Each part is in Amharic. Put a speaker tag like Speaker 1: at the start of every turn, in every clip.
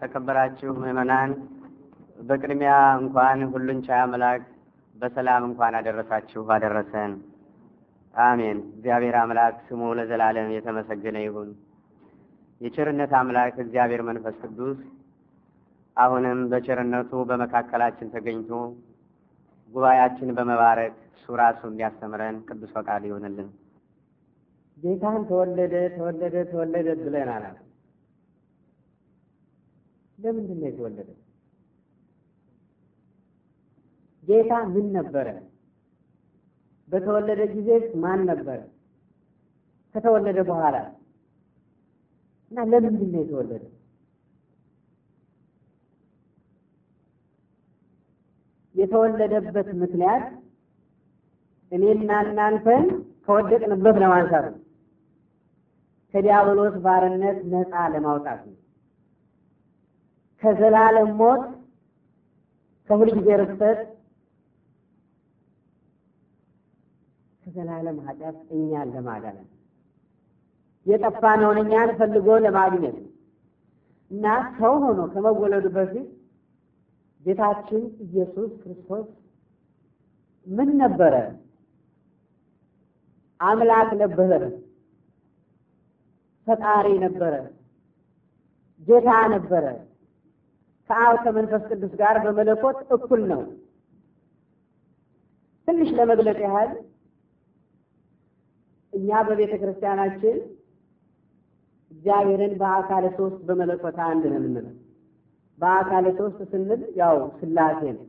Speaker 1: የተከበራችሁ ምዕመናን በቅድሚያ እንኳን ሁሉን ቻይ አምላክ በሰላም እንኳን አደረሳችሁ አደረሰን። አሜን። እግዚአብሔር አምላክ ስሙ ለዘላለም የተመሰገነ ይሁን። የቸርነት አምላክ እግዚአብሔር መንፈስ ቅዱስ አሁንም በቸርነቱ በመካከላችን ተገኝቶ ጉባኤያችን በመባረክ እሱ ራሱ እንዲያስተምረን ቅዱስ ፈቃድ ይሆንልን። ጌታን ተወለደ ተወለደ ተወለደ ብለን አላል። ለምንድን ነው የተወለደ? ጌታ ምን ነበረ? በተወለደ ጊዜ ማን ነበረ? ከተወለደ በኋላ እና ለምንድን ነው የተወለደ? የተወለደበት ምክንያት እኔና እናንተን ከወደቅንበት ለማንሳት ነው። ከዲያብሎስ ባርነት ነፃ ለማውጣት ነው። ከዘላለም ሞት ከሁልጊዜ ርኩሰት ከዘላለም ኃጢአት እኛን ለማዳነት የጠፋነውን እኛን ፈልጎ ለማግኘት እና ሰው ሆኖ ከመወለዱ በፊት ጌታችን ኢየሱስ ክርስቶስ ምን ነበረ? አምላክ ነበረ፣ ፈጣሪ ነበረ፣ ጌታ ነበረ። ከአብ ከመንፈስ ቅዱስ ጋር በመለኮት እኩል ነው። ትንሽ ለመግለጽ ያህል እኛ በቤተ ክርስቲያናችን እግዚአብሔርን በአካለ ሶስት በመለኮት አንድ ነው የምንለው። በአካለ ሶስት ስንል ያው ስላሴ ነው።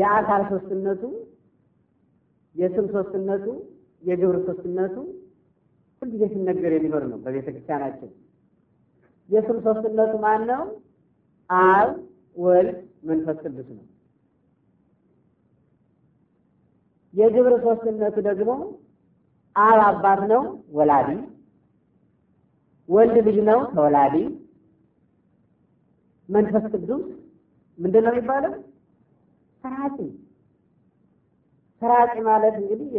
Speaker 1: የአካል ሶስትነቱ፣ የስም ሶስትነቱ፣ የግብር ሶስትነቱ ሁልጊዜ ሲነገር የሚኖር ነው በቤተ ክርስቲያናችን። የስም ሶስትነቱ ማን ነው? አብ ወልድ መንፈስ ቅዱስ ነው። የግብር ሶስትነቱ ደግሞ አብ አባት ነው ወላዲ፣ ወልድ ልጅ ነው ተወላዲ። መንፈስ ቅዱስ ምንድን ነው የሚባለው? ሰራጺ። ሰራጺ ማለት እንግዲህ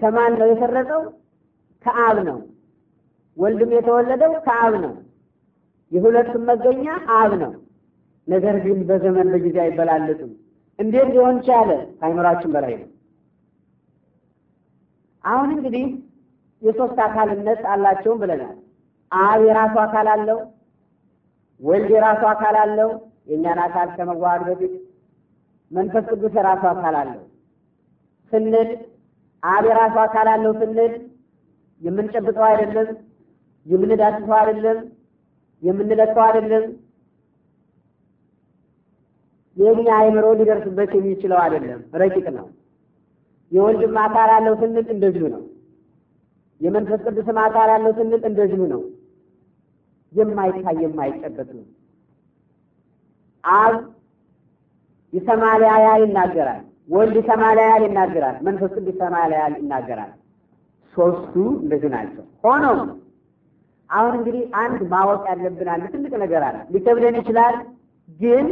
Speaker 1: ከማን ነው የሰረጠው? ከአብ ነው። ወልድም የተወለደው ከአብ ነው። የሁለቱም መገኛ አብ ነው። ነገር ግን በዘመን በጊዜ አይበላለጡም። እንዴት ሊሆን ቻለ? ከአይምሯችን በላይ ነው። አሁን እንግዲህ የሶስት አካልነት አላቸውም ብለናል። አብ የራሱ አካል አለው፣ ወልድ የራሱ አካል አለው፣ የእኛን አካል ከመዋሃድ በፊት መንፈስ ቅዱስ የራሱ አካል አለው ስንል አብ የራሱ አካል አለው ስንል የምንጨብጠው አይደለም፣ የምንዳስሰው አይደለም፣ የምንለቀው አይደለም፣ የእኛ አይምሮ ሊደርስበት የሚችለው አይደለም፣ ረቂቅ ነው። የወልድም አካል አለው ስንል እንደዚሁ ነው። የመንፈስ ቅዱስም አካል አለው ስንል እንደዚሁ ነው። የማይታይ የማይጨበጥ ነው። አብ ይሰማል ያያል ይናገራል። ወልድ ይሰማል ያያል ይናገራል። መንፈስ ቅዱስ ይሰማል ያያል ይናገራል። ሶስቱ እንደዚህ ናቸው። ሆኖም አሁን እንግዲህ አንድ ማወቅ ያለብን አንድ ትልቅ ነገር አለ። ሊከብደን ይችላል፣ ግን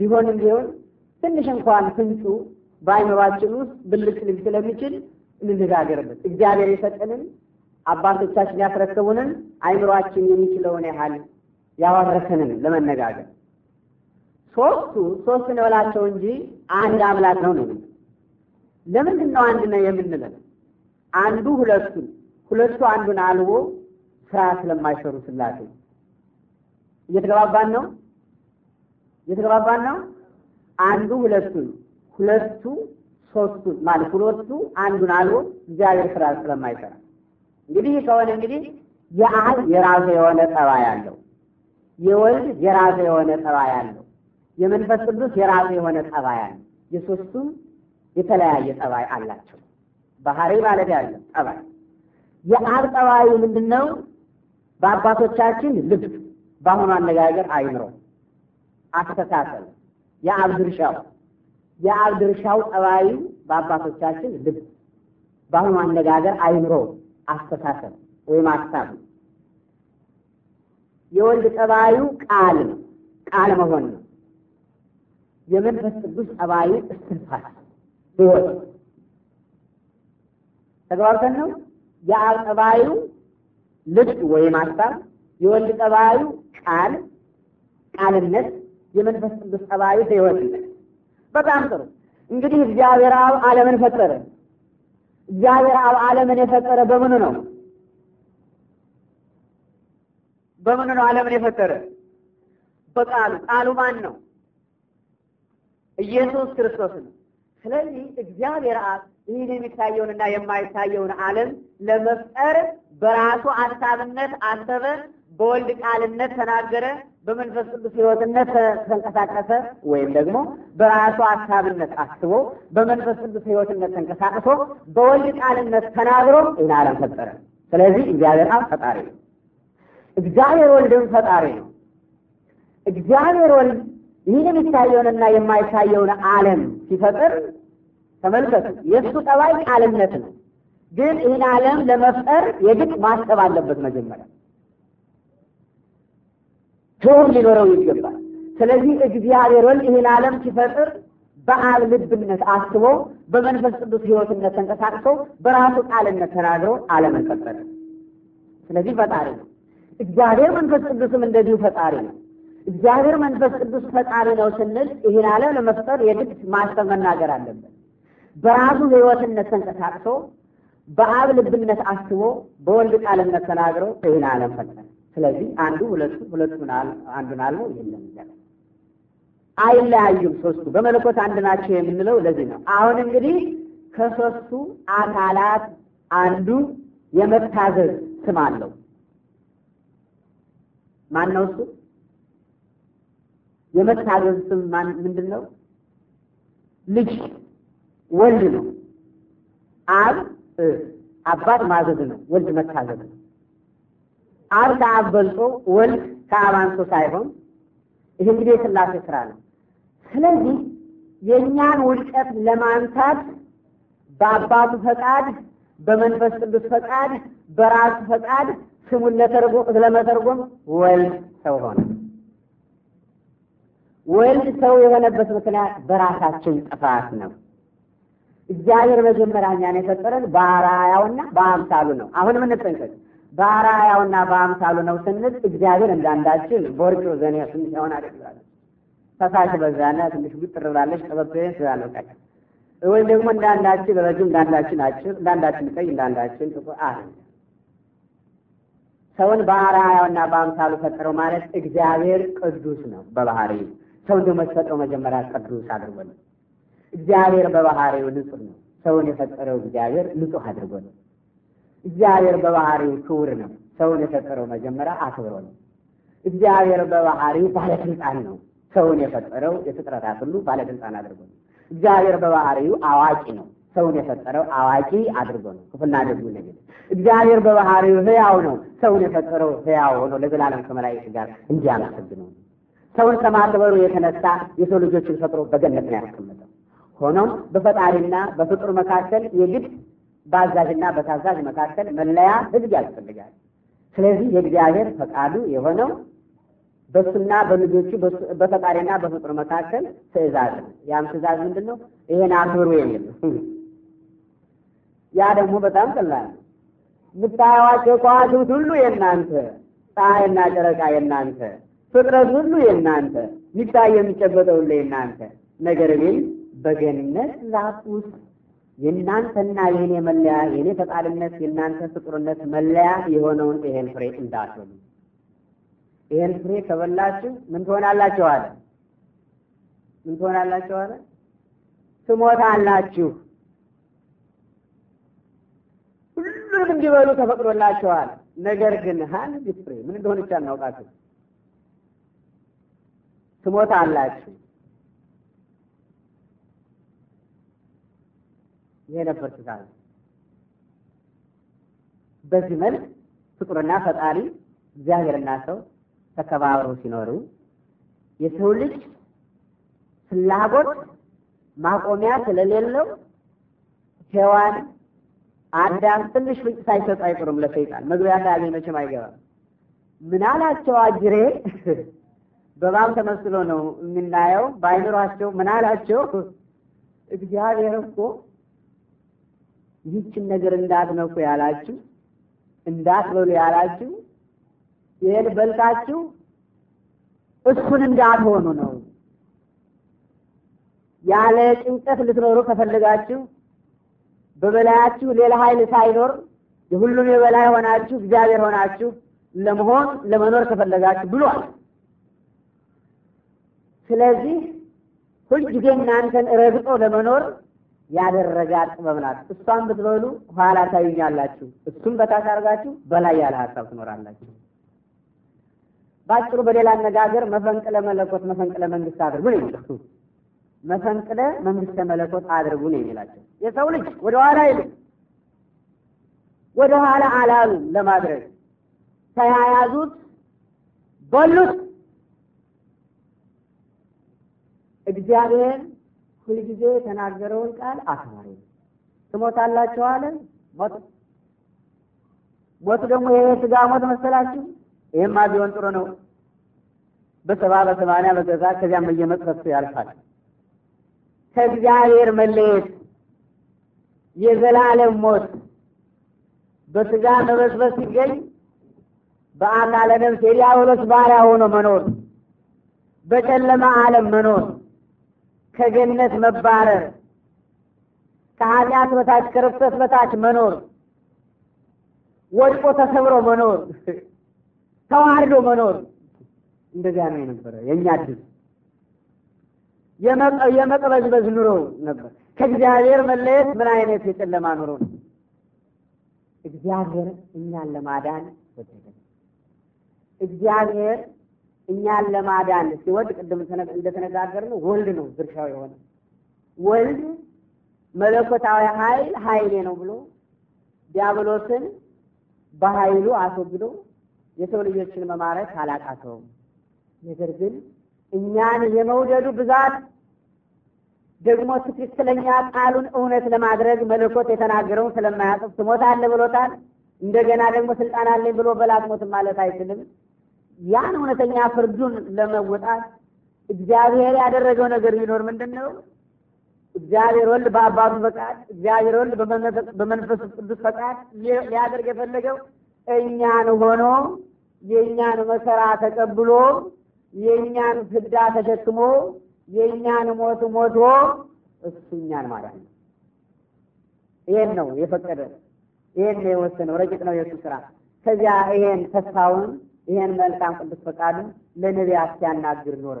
Speaker 1: ቢሆንም ቢሆን ትንሽ እንኳን ፍንጩ በአይምሯችን ውስጥ ብልጭ ስለሚችል እንነጋገርበት። እግዚአብሔር የሰጠንን አባቶቻችን ያስረከቡንን አይምሯችን የሚችለውን ያህል ያወረሰንን ለመነጋገር ሶስቱ ሶስት ነው እላቸው እንጂ አንድ አምላክ ነው ነው። ለምንድን ነው አንድ ነው የምንለው? አንዱ ሁለቱን ሁለቱ አንዱን አልቦ ስራ ስለማይሰሩ ስላሴ እየተገባባን ነው እየተገባባን ነው። አንዱ ሁለቱን ሁለቱ ሶስቱ ማለት ሁለቱ አንዱን አልቦ እግዚአብሔር ስራ ስለማይሰራ እንግዲህ ከሆነ እንግዲህ የአብ የራሱ የሆነ ጠባይ አለው። የወልድ የራሱ የሆነ ጠባይ አለው። የመንፈስ ቅዱስ የራሱ የሆነ ጠባይ አለው። የሶስቱም የተለያየ ጠባይ አላቸው። ባህሪ ማለት ያለው ጠባይ የአብ ጠባዩ ምንድን ነው? በአባቶቻችን ልብ፣ በአሁኑ አነጋገር አይምሮ፣ አስተሳሰብ የአብ ድርሻው የአብ ድርሻው ጠባዩ በአባቶቻችን ልብ፣ በአሁኑ አነጋገር አይምሮ፣ አስተሳሰብ ወይም ሀሳብ ነው። የወልድ ጠባዩ ቃል ነው፣ ቃል መሆን ነው። የመንፈስ ቅዱስ ጠባዩ እስትንፋስ፣ ሕይወት። ተግባብተን ነው። የአብ ጠባዩ ልብ ወይም ሀሳብ፣ የወልድ ጠባዩ ቃል ቃልነት፣ የመንፈስ ቅዱስ ጠባዩ ሕይወት ነው። በጣም ጥሩ። እንግዲህ እግዚአብሔር አብ ዓለምን ፈጠረ። እግዚአብሔር አብ ዓለምን የፈጠረ በምኑ ነው? በምኑ ነው ዓለምን የፈጠረ? በቃሉ። ቃሉ ማን ነው? ኢየሱስ ክርስቶስ ነው። ስለዚህ እግዚአብሔር አብ ይህን የሚታየውንና የማይታየውን ዓለም ለመፍጠር በራሱ አሳብነት አሰበ፣ በወልድ ቃልነት ተናገረ በመንፈስ ቅዱስ ህይወትነት ተንቀሳቀሰ ወይም ደግሞ በራሱ ሀሳብነት አስቦ በመንፈስ ቅዱስ ህይወትነት ተንቀሳቅሶ በወልድ ቃልነት ተናግሮ ይህን ዓለም ፈጠረ። ስለዚህ እግዚአብሔር አብ ፈጣሪ ነው። እግዚአብሔር ወልድም ፈጣሪ ነው። እግዚአብሔር ወልድ ይህን የሚታየውንና የማይታየውን ዓለም ሲፈጥር ተመልከቱ፣ የእሱ ጠባይ ቃልነት ነው። ግን ይህን ዓለም ለመፍጠር የግድ ማሰብ አለበት መጀመሪያ ክብር ሊኖረው ይገባል። ስለዚህ እግዚአብሔር ወልድ ይህን ዓለም ሲፈጥር በአብ ልብነት አስቦ በመንፈስ ቅዱስ ሕይወትነት ተንቀሳቅሶ በራሱ ቃልነት ተናግሮ ዓለምን ፈጠረ። ስለዚህ ፈጣሪ ነው እግዚአብሔር። መንፈስ ቅዱስም እንደዚሁ ፈጣሪ ነው እግዚአብሔር። መንፈስ ቅዱስ ፈጣሪ ነው ስንል ይህን ዓለም ለመፍጠር የግድ ማሰብ መናገር አለበት። በራሱ ሕይወትነት ተንቀሳቅሶ በአብ ልብነት አስቦ በወልድ ቃልነት ተናግሮ ይህን ዓለም ፈጠረ። ስለዚህ አንዱ ሁለቱ ሁለቱ አንዱን አልሞ ይህን ነው
Speaker 2: አይለያዩም። ሶስቱ በመለኮት አንድ ናቸው
Speaker 1: የምንለው ለዚህ ነው። አሁን እንግዲህ ከሶስቱ አካላት አንዱ የመታዘዝ ስም አለው። ማን ነው እሱ? የመታዘዝ ስም ማን ምንድን ነው? ልጅ ወልድ ነው። አብ አባት ማዘዝ ነው፣ ወልድ መታዘዝ ነው። አብ ከአብ በልጦ ወልድ ከአብ አንሶ ሳይሆን ይህ እንግዲህ የስላሴ ስራ ነው። ስለዚህ የእኛን ውድቀት ለማንሳት በአባቱ ፈቃድ፣ በመንፈስ ቅዱስ ፈቃድ፣ በራሱ ፈቃድ ስሙን ለመተርጎም ወልድ ሰው ሆነ። ወልድ ሰው የሆነበት ምክንያት በራሳችን ጥፋት ነው። እግዚአብሔር መጀመሪያ እኛን የፈጠረን በአርአያውና በአምሳሉ ነው። አሁን ምን በአርአያውና በአምሳሉ ነው ስንል እግዚአብሔር እንዳንዳችን በወርቅ ዘኔ ስሆን አደግዛለ ፈሳሽ በዛና ትንሽ ጉጥር ብላለች ጠበብ ስላለቃች ወይም ደግሞ እንዳንዳችን ረጅም፣ እንዳንዳችን አጭር፣ እንዳንዳችን ቀይ፣ እንዳንዳችን ጥቁር አለ። ሰውን በአርአያውና በአምሳሉ ፈጠረው ማለት እግዚአብሔር ቅዱስ ነው በባህሪ ሰውን ደግሞ የተፈጥረው መጀመሪያ ቅዱስ አድርጎ ነው። እግዚአብሔር በባህሪው ንጹህ ነው። ሰውን የፈጠረው እግዚአብሔር ንጹህ አድርጎ ነው። እግዚአብሔር በባህሪው ክቡር ነው። ሰውን የፈጠረው መጀመሪያ አክብሮ ነው። እግዚአብሔር በባህሪው ባለስልጣን ነው። ሰውን የፈጠረው የፍጥረታት ሁሉ ባለስልጣን አድርጎ ነው። እግዚአብሔር በባህሪው አዋቂ ነው። ሰውን የፈጠረው አዋቂ አድርጎ ነው። ክፉና ደጉን ነገር እግዚአብሔር በባህሪው ህያው ነው። ሰውን የፈጠረው ህያው ሆኖ ለዘላለም ከመላእክት ጋር እንዲያመሰግነው ነው። ሰውን ከማክበሩ የተነሳ የሰው ልጆችን ፈጥሮ በገነት ነው ያስቀመጠው። ሆኖም በፈጣሪና በፍጡር መካከል የግድ በአዛዥና በታዛዥ መካከል መለያ ህዝብ ያስፈልጋል። ስለዚህ የእግዚአብሔር ፈቃዱ የሆነው በሱና በልጆቹ በፈጣሪና በፍጡር መካከል ትእዛዝ ነው። ያም ትእዛዝ ምንድን ነው? ይሄን አክብሩ የሚል ያ ደግሞ በጣም ቀላል ነው። የምታዩዋቸው ከዋክብት ሁሉ የእናንተ፣ ፀሐይና ጨረቃ የእናንተ፣ ፍጥረት ሁሉ የእናንተ፣ የሚታይ የሚጨበጠው ሁሉ የእናንተ ነገር ግን በገነት ዛፍ ውስጥ የእናንተና የእኔ መለያ የእኔ ፈቃድነት የእናንተ ፍጡርነት መለያ የሆነውን ይሄን ፍሬ እንዳትሉ። ይሄን ፍሬ ከበላችሁ ምን ትሆናላችሁ አለ። ምን ትሆናላችሁ አለ? ትሞታላችሁ። ሁሉንም እንዲበሉ ተፈቅዶላችኋል። ነገር ግን አንድ ፍሬ ምን እንደሆነች አናውቃችሁ፣ ትሞታላችሁ ይሄ ነበር በዚህ መልክ ፍጡርና ፈጣሪ እግዚአብሔርና ሰው ተከባብረው ሲኖሩ የሰው ልጅ ፍላጎት ማቆሚያ ስለሌለው ሔዋን አዳም ትንሽ ፍንጭ ሳይሰጥ አይቀሩም። ለሰይጣን መግቢያ ሳያገኝ መቼም አይገባም። ምን አላቸው አጅሬ በእባብ ተመስሎ ነው የምናየው። በአይምሯቸው ምን አላቸው እግዚአብሔር እኮ ይህችን ነገር እንዳትነኩ ያላችሁ እንዳትበሉ ያላችሁ ይህን በልታችሁ እሱን እንዳትሆኑ ነው። ያለ ጭንቀት ልትኖሩ ከፈለጋችሁ በበላያችሁ ሌላ ኃይል ሳይኖር የሁሉም የበላይ ሆናችሁ እግዚአብሔር ሆናችሁ ለመሆን ለመኖር ከፈለጋችሁ ብሏል። ስለዚህ ሁልጊዜ እናንተን ረግጦ ለመኖር ያደረጋት ጥበብ ናት። እሷን ብትበሉ ኋላ ታዩኛላችሁ፣ እሱም በታች አድርጋችሁ በላይ ያለ ሀሳብ ትኖራላችሁ። ባጭሩ በሌላ አነጋገር መፈንቅለ መለኮት መፈንቅለ መንግስት አድርጉ ነው የሚለው። መፈንቅለ መንግስተ መለኮት አድርጉ ነው የሚላቸው። የሰው ልጅ ወደ ኋላ ይሉ ወደ ኋላ አላሉ ለማድረግ ተያያዙት፣ በሉት እግዚአብሔር ሁልጊዜ የተናገረውን ቃል አክባሪ ነው። ትሞታላችሁ አለ። ሞት ሞት ደግሞ ይሄ ስጋ ሞት መሰላችሁ? ይሄማ ቢሆን ጥሩ ነው። በሰባ በሰማንያ በገዛ ከዚያም እየመቅረሱ ያልፋል። ከእግዚአብሔር መለየት የዘላለም ሞት በስጋ መበስበስ ሲገኝ በአካለ ነፍስ የዲያብሎስ ባሪያ ሆኖ መኖር፣ በጨለማ ዓለም መኖር ከገነት መባረር፣ ከኃጢአት በታች ከርኩሰት በታች መኖር፣ ወድቆ ተሰብሮ መኖር፣ ተዋርዶ መኖር እንደዚያ ነው የነበረ የእኛ ድል የመቅበዝበዝ ኑሮ ነበር። ከእግዚአብሔር መለየት ምን አይነት የጨለማ ኑሮ ነው! እግዚአብሔር እኛን ለማዳን ወደደ። እግዚአብሔር እኛን ለማዳን ሲወድ ቅድም እንደተነጋገርነው ወልድ ነው ድርሻው የሆነ ወልድ መለኮታዊ ኃይል ኃይሌ ነው ብሎ ዲያብሎስን በኃይሉ አስወግዶ የሰው ልጆችን መማረክ አላቃተውም። ነገር ግን እኛን የመውደዱ ብዛት ደግሞ ትክክለኛ ቃሉን እውነት ለማድረግ መለኮት የተናገረውን ስለማያጽፍ ትሞታለህ ብሎታል። እንደገና ደግሞ ስልጣን አለኝ ብሎ በላት ማለት አይችልም። ያን እውነተኛ ፍርዱን ለመወጣት እግዚአብሔር ያደረገው ነገር ቢኖር ምንድን ነው? እግዚአብሔር ወልድ በአባቱ ፈቃድ፣ እግዚአብሔር ወልድ በመንፈስ ቅዱስ ፈቃድ ሊያደርግ የፈለገው እኛን ሆኖ የእኛን መከራ ተቀብሎ የእኛን ፍዳ ተሸክሞ የእኛን ሞት ሞቶ እሱ እኛን ማለት ነው። ይሄን ነው የፈቀደ፣ ይሄን ነው የወሰነው። ረቂቅ ነው የእሱ ስራ። ከዚያ ይሄን ተስፋውን ይሄን መልካም ቅዱስ ፈቃዱ ለነቢያት ሲያናግር ኖረ።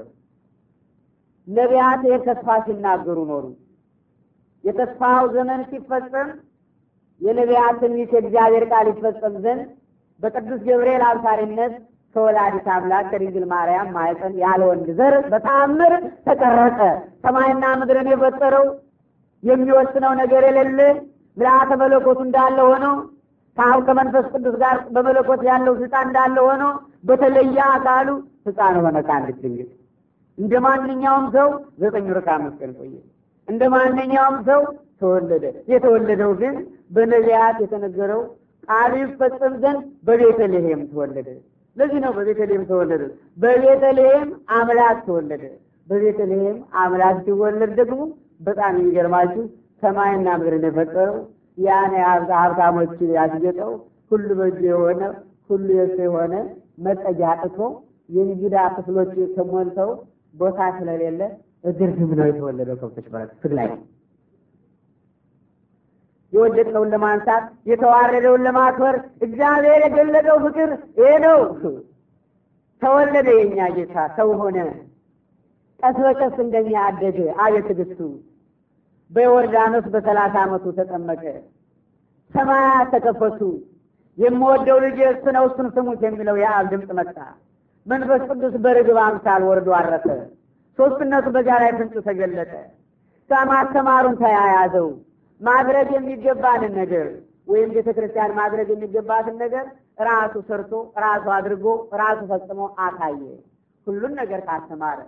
Speaker 1: ነቢያት የተስፋ ተስፋ ሲናገሩ ኖሩ። የተስፋው ዘመን ሲፈጸም የነቢያት ይህ የእግዚአብሔር ቃል ይፈጸም ዘንድ በቅዱስ ገብርኤል አብሳሪነት ከወላዲት አምላክ ከድንግል ማርያም ማኅፀን ያለ ወንድ ዘር በተአምር ተቀረጸ። ሰማይና ምድርን የፈጠረው የሚወስነው ነገር የሌለ ምልአተ መለኮቱ እንዳለ ሆነው ከአብ ከመንፈስ ቅዱስ ጋር በመለኮት ያለው ስልጣን እንዳለ ሆኖ በተለየ አካሉ ሕፃን ሆነ ካለች ድንግል። እንደ ማንኛውም ሰው ዘጠኝ ወር ከአምስት ቀን ቆየ። እንደ ማንኛውም ሰው ተወለደ። የተወለደው ግን በነቢያት የተነገረው ቃል ይፈጸም ዘንድ በቤተልሔም ተወለደ። ለዚህ ነው በቤተልሔም ተወለደ። በቤተልሔም አምላክ ተወለደ። በቤተልሔም አምላክ ሲወለድ ደግሞ በጣም የሚገርማችሁ ሰማይና ምድርን የፈጠረው ያን ሀብታሞችን ያስጌጠው ሁሉ በእጁ የሆነ ሁሉ የሱ የሆነ መጠጊያ አጥቶ የእንግዳ ክፍሎች ተሞልተው ቦታ ስለሌለ
Speaker 2: እግርግም ነው የተወለደው።
Speaker 1: ከብቶች ማለት ትግላይ የወደቀውን ለማንሳት የተዋረደውን ለማክበር እግዚአብሔር የገለጠው ፍቅር ይሄ ነው። ተወለደ የእኛ ጌታ ሰው ሆነ። ቀስ በቀስ እንደኛ አደገ። አየ ትዕግስቱ በዮርዳኖስ በሰላሳ ዓመቱ ተጠመቀ። ሰማያት ተከፈቱ። የምወደው ልጅ እሱ ነው እሱን ስሙት የሚለው የአብ ድምፅ መጣ። መንፈስ ቅዱስ በርግብ አምሳል ወርዶ አረፈ። ሶስትነቱ በዚያ ላይ ፍንጩ ተገለጠ። ማስተማሩን ተያያዘው። ማድረግ የሚገባንን ነገር ወይም ቤተ ክርስቲያን ማድረግ የሚገባትን ነገር ራሱ ሰርቶ ራሱ አድርጎ ራሱ ፈጽሞ አታየ። ሁሉን ነገር ካስተማረ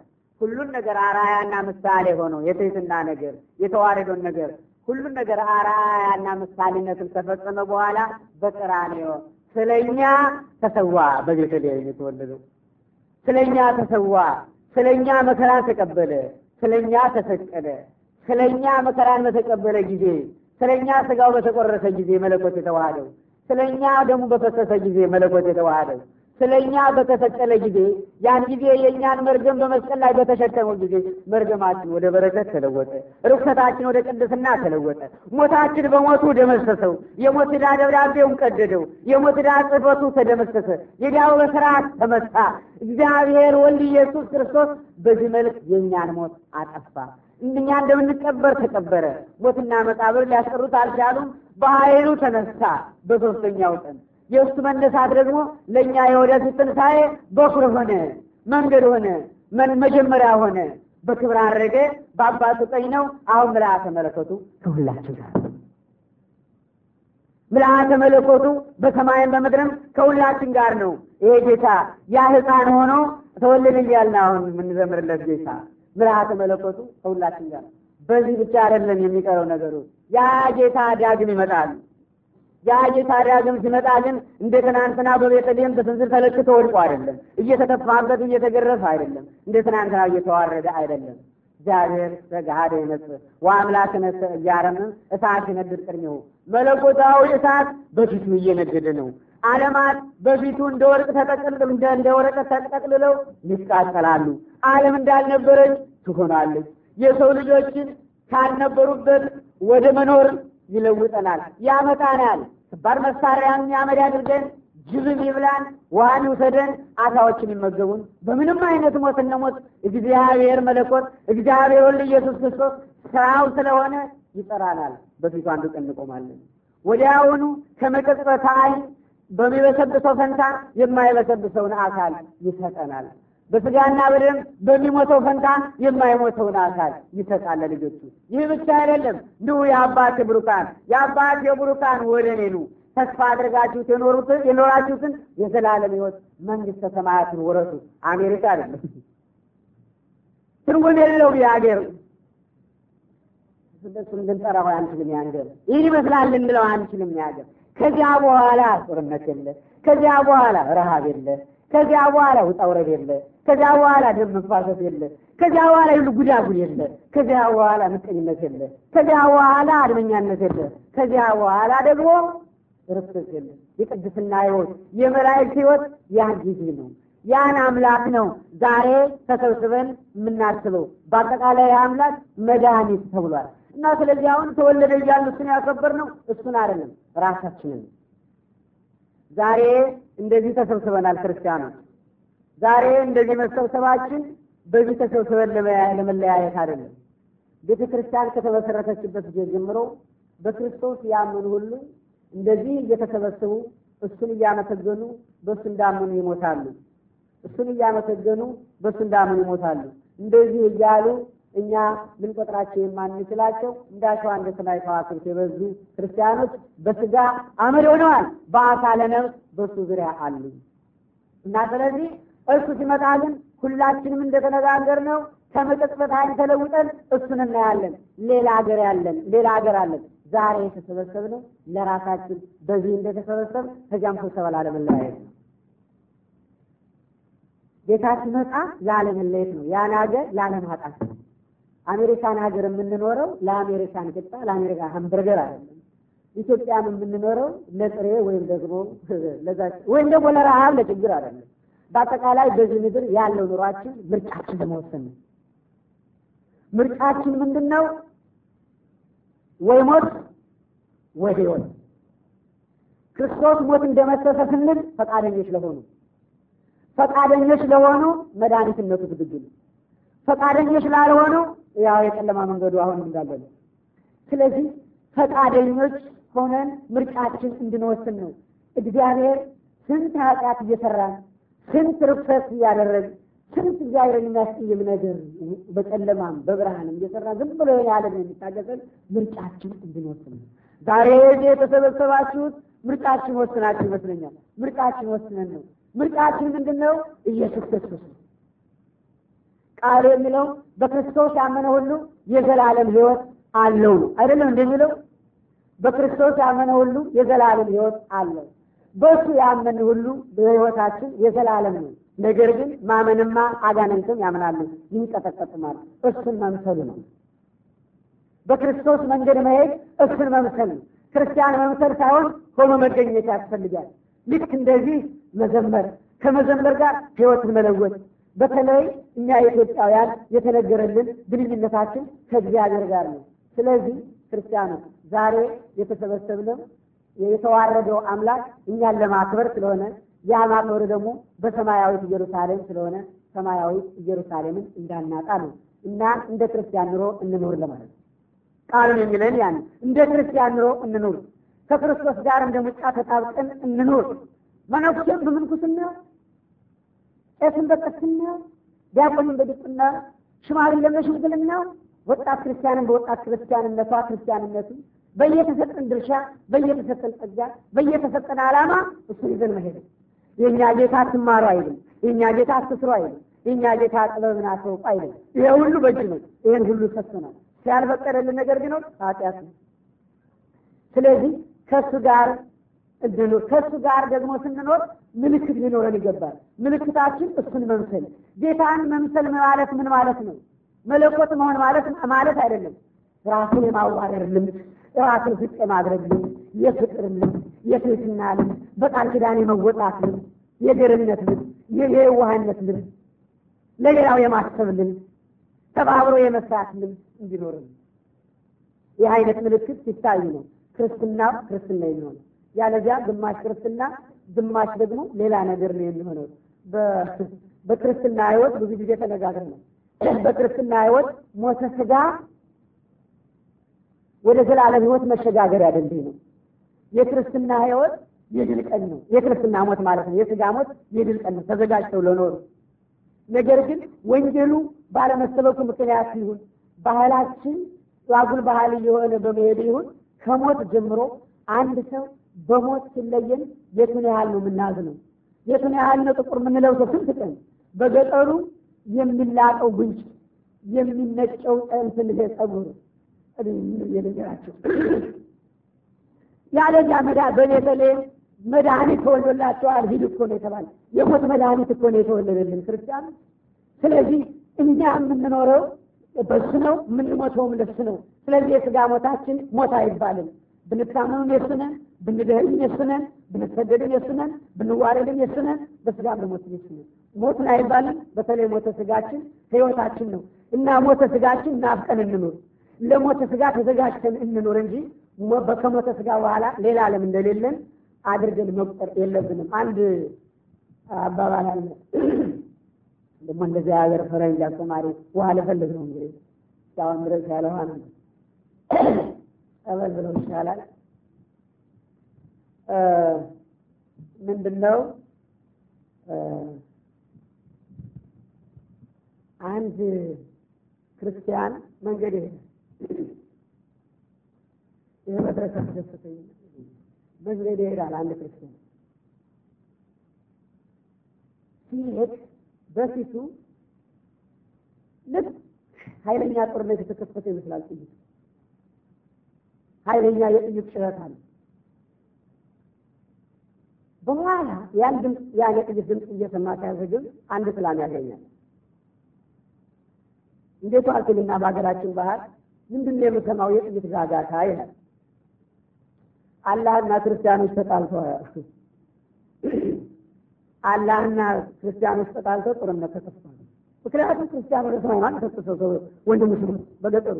Speaker 1: ሁሉን ነገር አራያና ምሳሌ ሆነው የትህትና ነገር የተዋረዶን ነገር ሁሉን ነገር አራያና ምሳሌነትን ከፈጸመ በኋላ በቀራንዮ ስለኛ ተሰዋ። በቤተልሔም የተወለደው ስለኛ ተሰዋ፣ ስለኛ መከራን ተቀበለ፣ ስለኛ ተሰቀለ። ስለኛ መከራን በተቀበለ ጊዜ ስለኛ ስጋው በተቆረሰ ጊዜ መለኮት የተዋሃደው ስለኛ ደሙ በፈሰሰ ጊዜ መለኮት የተዋሃደው ስለ እኛ በተሰቀለ ጊዜ ያን ጊዜ የእኛን መርገም በመስቀል ላይ በተሸከመው ጊዜ መርገማችን ወደ በረከት ተለወጠ፣ ርኩሰታችን ወደ ቅድስና ተለወጠ። ሞታችን በሞቱ ደመሰሰው። የሞት ዕዳ ደብዳቤውን ቀደደው። የሞት ዕዳ ጽሕፈቱ ተደመሰሰ። የዲያው በስርዓት ተመታ። እግዚአብሔር ወልድ ኢየሱስ ክርስቶስ በዚህ መልክ የእኛን ሞት አጠፋ። እኛ እንደምንቀበር ተቀበረ። ሞትና መቃብር ሊያስቀሩት አልቻሉም። በኃይሉ ተነሳ በሶስተኛው ቀን የእሱ መነሳት ደግሞ ለእኛ የወደፊት ትንሣኤ በኩር ሆነ፣ መንገድ ሆነ፣ መጀመሪያ ሆነ። በክብር አረገ። በአባቱ ቀኝ ነው። አሁን ምልአተ መለኮቱ ከሁላችሁ ጋር ምልአተ መለኮቱ በሰማይም በምድርም ከሁላችን ጋር ነው። ይሄ ጌታ ያ ሕፃን ሆኖ ተወለደ እያልን አሁን የምንዘምርለት ጌታ ምልአተ መለኮቱ ከሁላችን ጋር ነው። በዚህ ብቻ አይደለም የሚቀረው ነገሩ። ያ ጌታ ዳግም ይመጣል። ያ ታዲያ ግን ሲመጣልን እንደ ትናንትና በቤተልሔም በስንዝር ተለክቶ ወድቆ አይደለም፣ እየተተፋበት እየተገረፈ አይደለም፣ እንደ ትናንትና እየተዋረደ አይደለም። እግዚአብሔር ይመጽ ይመጽእ ነጽ እያረም እሳት ይነድር ቅድሜሁ። መለኮታዊ እሳት በፊቱ እየነደደ ነው። ዓለማት በፊቱ እንደ ወርቅ ተጠቅልለው እንደ ወረቀት ተጠቅልለው ይቃጠላሉ። ዓለም እንዳልነበረች ትሆናለች። የሰው ልጆችን ካልነበሩበት ወደ መኖር ይለውጠናል፣ ያመጣናል። ከባድ መሳሪያን ያመድ አድርገን ጅብም ይብላን፣ ውሃን ይውሰደን፣ አሳዎችን ይመገቡን። በምንም አይነት ሞት እነ ሞት እግዚአብሔር መለኮት እግዚአብሔር ወልድ ኢየሱስ ክርስቶስ ስራው ስለሆነ ይጠራናል። በፊቱ አንዱ ቀን እንቆማለን። ወዲያውኑ ከመቅጽበተ ዓይን በሚበሰብሰው ፈንታ የማይበሰብሰውን አካል ይሰጠናል። በስጋና በደም በሚሞተው ፈንታ የማይሞተውን አካል ይሰጣል ለልጆቹ። ይህ ብቻ አይደለም፣ እንዲሁ የአባት የብሩካን የአባት የብሩካን ወደ እኔ ኑ ተስፋ አድርጋችሁት የኖሩትን የኖራችሁትን የዘላለም ሕይወት መንግሥተ ሰማያትን ወረሱ። አሜሪካ አይደለም፣ ትርጉም የለው የሀገር እሱን ልንጠራው አንችልም። ያገር ይህን ይመስላል ልንለው አንችልም። ያገር ከዚያ በኋላ ጦርነት የለ፣ ከዚያ በኋላ ረሃብ የለ፣ ከዚያ በኋላ ውጣ ውረድ የለ ከዚያ በኋላ ደም መፋሰስ የለ። ከዚያ በኋላ ሁሉ ጉዳጉድ የለ። ከዚያ በኋላ ምቀኝነት የለ። ከዚያ በኋላ አድመኛነት የለ። ከዚያ በኋላ ደግሞ ርክስ የለ። የቅድስና ህይወት፣ የመላእክት ህይወት ያን ጊዜ ነው። ያን አምላክ ነው ዛሬ ተሰብስበን የምናስበው። በአጠቃላይ አምላክ መድኃኒት ተብሏል እና ስለዚህ አሁን ተወለደ እያሉ እሱን ያከበርነው እሱን አይደለም ራሳችንን። ዛሬ እንደዚህ ተሰብስበናል ክርስቲያኖች ዛሬ እንደዚህ መሰብሰባችን በዚህ ተሰብስበን ለመለያየት አይደለም። ቤተ ክርስቲያን ከተመሰረተችበት ጊዜ ጀምሮ በክርስቶስ ያመኑ ሁሉ እንደዚህ እየተሰበሰቡ እሱን እያመሰገኑ በእሱ እንዳምኑ ይሞታሉ። እሱን እያመሰገኑ በእሱ እንዳመኑ ይሞታሉ። እንደዚህ እያሉ እኛ ልንቆጥራቸው የማንችላቸው እንደ አሸዋ እንደ ሰማይ ከዋክብት የበዙ ክርስቲያኖች በስጋ አመድ ሆነዋል፣ በአካለ ነፍስ በእሱ ዙሪያ አሉ እና ስለዚህ እሱ ሲመጣ ግን ሁላችንም እንደተነጋገር ነው ከመቅጽበት ኃይል ተለውጠን እሱን እናያለን። ሌላ ሀገር ያለን ሌላ ሀገር አለን። ዛሬ የተሰበሰብነው ለራሳችን በዚህ እንደተሰበሰብ ከዚያም ስብሰባ ላለመለያየት ነው። ጌታ ሲመጣ ላለመለየት ነው። ያን ሀገር ላለማጣት ነው። አሜሪካን ሀገር የምንኖረው ለአሜሪካን ቅጣ ለአሜሪካ ሀምበርገር አይደለም። ኢትዮጵያም የምንኖረው ለጥሬ ወይም ደግሞ ለዛ ወይም ደግሞ ለረሃብ ለችግር አይደለም። በአጠቃላይ በዚህ ምድር ያለው ኑሯችን ምርጫችን ለመወሰን ነው። ምርጫችን ምንድን ነው? ወይ ሞት ወይ ሕይወት። ክርስቶስ ሞት እንደመሰሰ ስንል ፈቃደኞች ለሆኑ ፈቃደኞች ለሆኑ መድኃኒትነቱ ዝግጁ ነው። ፈቃደኞች ላልሆኑ ያው የጨለማ መንገዱ አሁን እንዳለ ነው። ስለዚህ ፈቃደኞች ሆነን ምርጫችን እንድንወስን ነው። እግዚአብሔር ስንት ኃጢአት እየሰራን ስንት ርኩሰት እያደረግ ስንት እግዚአብሔርን የሚያስቀይም ነገር በጨለማም በብርሃንም እየሰራ ዝም ብሎ ይሄን ያለ ነው የሚታገሰን። ምርጫችን እንድንወስን ነው። ዛሬ የተሰበሰባችሁት ምርጫችን ወስናችሁ ይመስለኛል። ምርጫችን ወስነን ነው። ምርጫችን ምንድን ነው? ኢየሱስ ክርስቶስ ነው። ቃሉ የሚለው በክርስቶስ ያመነ ሁሉ የዘላለም ሕይወት አለው ነው አይደለም? እንደሚለው በክርስቶስ ያመነ ሁሉ የዘላለም ሕይወት አለው በእሱ ያመን ሁሉ በሕይወታችን የዘላለም ነው። ነገር ግን ማመንማ አጋንንትም ያምናሉ ይንቀጠቀጡማል። እሱን መምሰሉ ነው። በክርስቶስ መንገድ መሄድ እሱን መምሰል ነው። ክርስቲያን መምሰል ሳይሆን ሆኖ መገኘት ያስፈልጋል። ልክ እንደዚህ መዘመር፣ ከመዘመር ጋር ሕይወትን መለወጥ በተለይ እኛ ኢትዮጵያውያን የተነገረልን ግንኙነታችን ከእግዚአብሔር ጋር ነው። ስለዚህ ክርስቲያኖች ዛሬ የተሰበሰብነው የተዋረደው አምላክ እኛን ለማክበር ስለሆነ ያ ማክበር ደግሞ በሰማያዊት ኢየሩሳሌም ስለሆነ ሰማያዊት ኢየሩሳሌምን እንዳናጣ ነው እና እንደ ክርስቲያን ኑሮ እንኑር ለማለት ነው። ቃሉን የሚለን ያን እንደ ክርስቲያን ኑሮ እንኑር፣ ከክርስቶስ ጋር እንደ ሙጫ ተጣብቀን እንኑር። መነኩሴም በምንኩስና፣ ቄስም በቅስና፣ ዲያቆንን በዲቁና፣ ሽማግሌም ለመሽምግልና ወጣት ክርስቲያንን በወጣት ክርስቲያንነቷ ክርስቲያንነቱ በየተሰጠን ድርሻ በየተሰጠን ጸጋ በየተሰጠን ዓላማ እሱን ይዘን መሄድ። የእኛ ጌታ ትማሩ አይልም፣ የእኛ ጌታ አስተስሮ አይልም፣ የእኛ ጌታ ጥበብን አስወቁ አይልም። ይሄ ሁሉ በእጅ ነው። ይህን ሁሉ ነው ያልፈቀደልን ነገር ቢኖር ኃጢአት ነው። ስለዚህ ከእሱ ጋር እንድኖር ከእሱ ጋር ደግሞ ስንኖር ምልክት ሊኖረን ይገባል። ምልክታችን እሱን መምሰል። ጌታን መምሰል ማለት ምን ማለት ነው? መለኮት መሆን ማለት ማለት አይደለም ራሱን የማዋረር ልምድ ጥራትን ፍጭ ማድረግ ልም የፍቅር ልም የትህትና ልም በቃል ኪዳን የመወጣት ልም የገርነት ልም የየዋህነት ልም ለሌላው የማሰብ ልም ተባብሮ የመስራት ልም እንዲኖርም ይህ አይነት ምልክት ሲታይ ነው ክርስትና ክርስትና የሚሆነው። ያለዚያ ግማሽ ክርስትና ግማሽ ደግሞ ሌላ ነገር ነው የሚሆነው። በክርስትና ህይወት ብዙ ጊዜ ነው። በክርስትና ህይወት ሞተ ስጋ ወደ ዘላለም ህይወት መሸጋገሪያ ድልድይ ነው። የክርስትና ህይወት የድል ቀን ነው። የክርስትና ሞት ማለት ነው። የስጋ ሞት የድል ቀን ነው። ተዘጋጅተው ለኖሩ ነገር ግን ወንጀሉ ባለመሰበኩ ምክንያት ይሁን ባህላችን አጉል ባህል እየሆነ በመሄድ ይሁን ከሞት ጀምሮ አንድ ሰው በሞት ሲለየን የቱን ያህል ነው የምናዝነው? የቱን ያህል ነው ጥቁር የምንለብሰው? ስንት ቀን በገጠሩ የሚላቀው ጉንጭ የሚነጨው ጠንት ፀጉር የነገራቸው ያለዚያ መዳ በቤተልሔም መድኃኒት ተወልዶላቸዋል። ሂድ እኮ ነው የተባለ የሞት መድኃኒት እኮ ነው የተወለደልን ክርስቲያን። ስለዚህ እኛ የምንኖረው በሱ ነው፣ የምንሞተውም ለሱ ነው። ስለዚህ የስጋ ሞታችን ሞት አይባልም። ብንታመምም የሱ ነን፣ ብንደህም የሱ ነን፣ ብንሰደድም የሱ ነን፣ ብንዋረድም የሱ ነን፣ በስጋ ብንሞት የሱ ነን። ሞትን አይባልም። በተለይ ሞተ ስጋችን ህይወታችን ነው እና ሞተ ስጋችን ናፍቀን እንኑር። ለሞተ ስጋ ተዘጋጅተን እንኖር እንጂ ከሞተ ስጋ በኋላ ሌላ ዓለም እንደሌለን አድርገን መቁጠር የለብንም። አንድ አባባል አለ። ደግሞ እንደዚህ ሀገር ፈረንጅ አስተማሪ ውሃ ልፈልግ ነው እንግዲህ እስካሁን ድረስ ያለ ውሃ ነው ጠበል ብለው ይሻላል። ምንድን ነው አንድ ክርስቲያን መንገድ ይሄ ይህ መድረክ አስደስተኝ። በዝሬድ ይሄዳል። አንድ ክርስቲያን ሲሄድ በፊቱ ልክ ኃይለኛ ጦርነት የተከፈተ ይመስላል። ጥይት ኃይለኛ የጥይት ጭረት አለ። በኋላ ያን ድምፅ ያን የጥይት ድምፅ እየሰማ ሲያዘግብ አንድ ሰላም ያገኛል። እንዴት አልክልና በሀገራችን ባህል ምንድን የምሰማው የጥይት ጋጋታ ይላል። አላህና ክርስቲያኖች ተጣልተዋል። አላህና ክርስቲያኖች ተጣልተው ጦርነት ተከፍቷል። ምክንያቱም ክርስቲያኑ ለሰማማን ተጠሰሰ ወንድሙ ስሙ በገጠሩ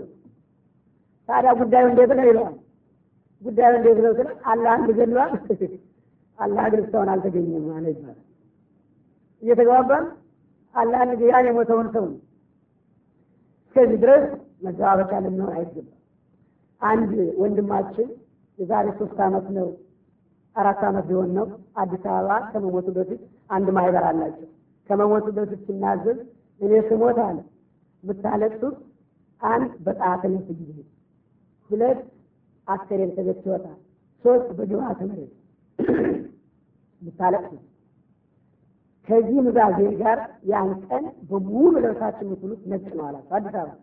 Speaker 1: ታዲያ ጉዳዩ እንዴት ነው ይለዋል። ጉዳዩ እንዴት ነው ስለ አላህን ልገለዋል። አላህ ግን እስካሁን አልተገኘም ማለት ይባላል። እየተግባባን አላህን ያን የሞተውን ሰው እስከዚህ ድረስ መዘባበቻ ልንሆን አይገባም። አንድ ወንድማችን የዛሬ ሶስት ዓመት ነው አራት ዓመት ሊሆን ነው አዲስ አበባ ከመሞቱ በፊት አንድ ማህበር አላቸው። ከመሞቱ በፊት ሲናዘዝ እኔ ስሞት አለ ብታለቅሱት አንድ በጣት ነፍስ ጊዜ፣ ሁለት አስከሬን ከቤት ሶስት በግብዓተ መሬት ብታለቅሱት ከዚህ ምዛዜ ጋር ያን ቀን በሙሉ ለብሳችሁ የምትውሉት ነጭ ነው አላቸው አዲስ አበባ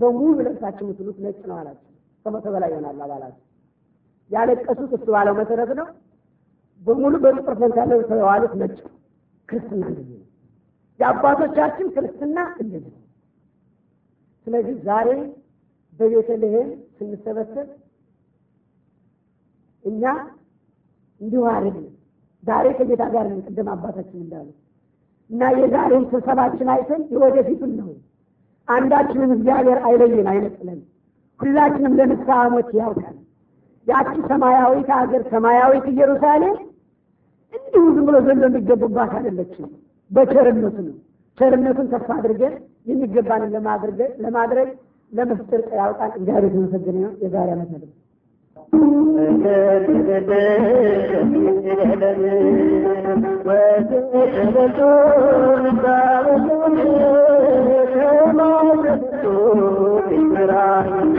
Speaker 1: በሙሉ ለብሳችሁ የምትሉት ነጭ ነው አላቸው። ከመቶ በላይ ይሆናል አባላት ያለቀሱት እሱ ባለው መሰረት ነው። በሙሉ በምን ፐርሰንት ያለው የዋሉት ነጭ ነው። ክርስትና እንደዚህ ነው። የአባቶቻችን ክርስትና እንደዚህ ነው። ስለዚህ ዛሬ በቤተልሔም ስንሰበሰብ እኛ እንዲሁ አይደለም። ዛሬ ከጌታ ጋር ነው፣ ቅድም አባታችን እንዳሉ እና የዛሬን ስብሰባችን አይተን የወደፊቱን ነው አንዳችንም እግዚአብሔር አይለይን፣ አይነጥለን። ሁላችንም ለንስሐ ሞት ያውቃል። ያቺ ሰማያዊት ሀገር ሰማያዊት ኢየሩሳሌም እንዲሁ ዝም ብሎ ዘንዶ የሚገቡባት አይደለችም። በቸርነቱ ነው። ቸርነቱን ከፍ አድርገን የሚገባንን ለማድረግ ለመፍጠር ያውቃል። እግዚአብሔር የተመሰገነ ነው። የዛሬ ዓመት ወደ
Speaker 2: ወ राम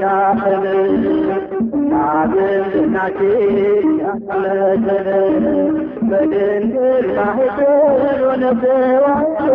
Speaker 2: يا خلد يا دل نچي يا دل مدند محترون بيوا جو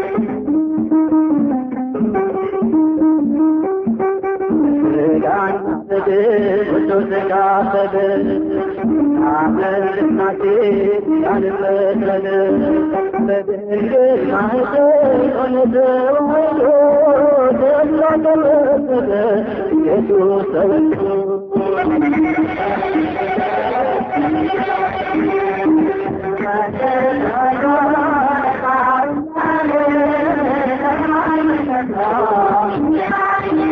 Speaker 2: اے بھوت سگا سگ نا نتي دل سن بديل ساي کوئی ولد ميو دل رات لست کي سو سوي کا سدا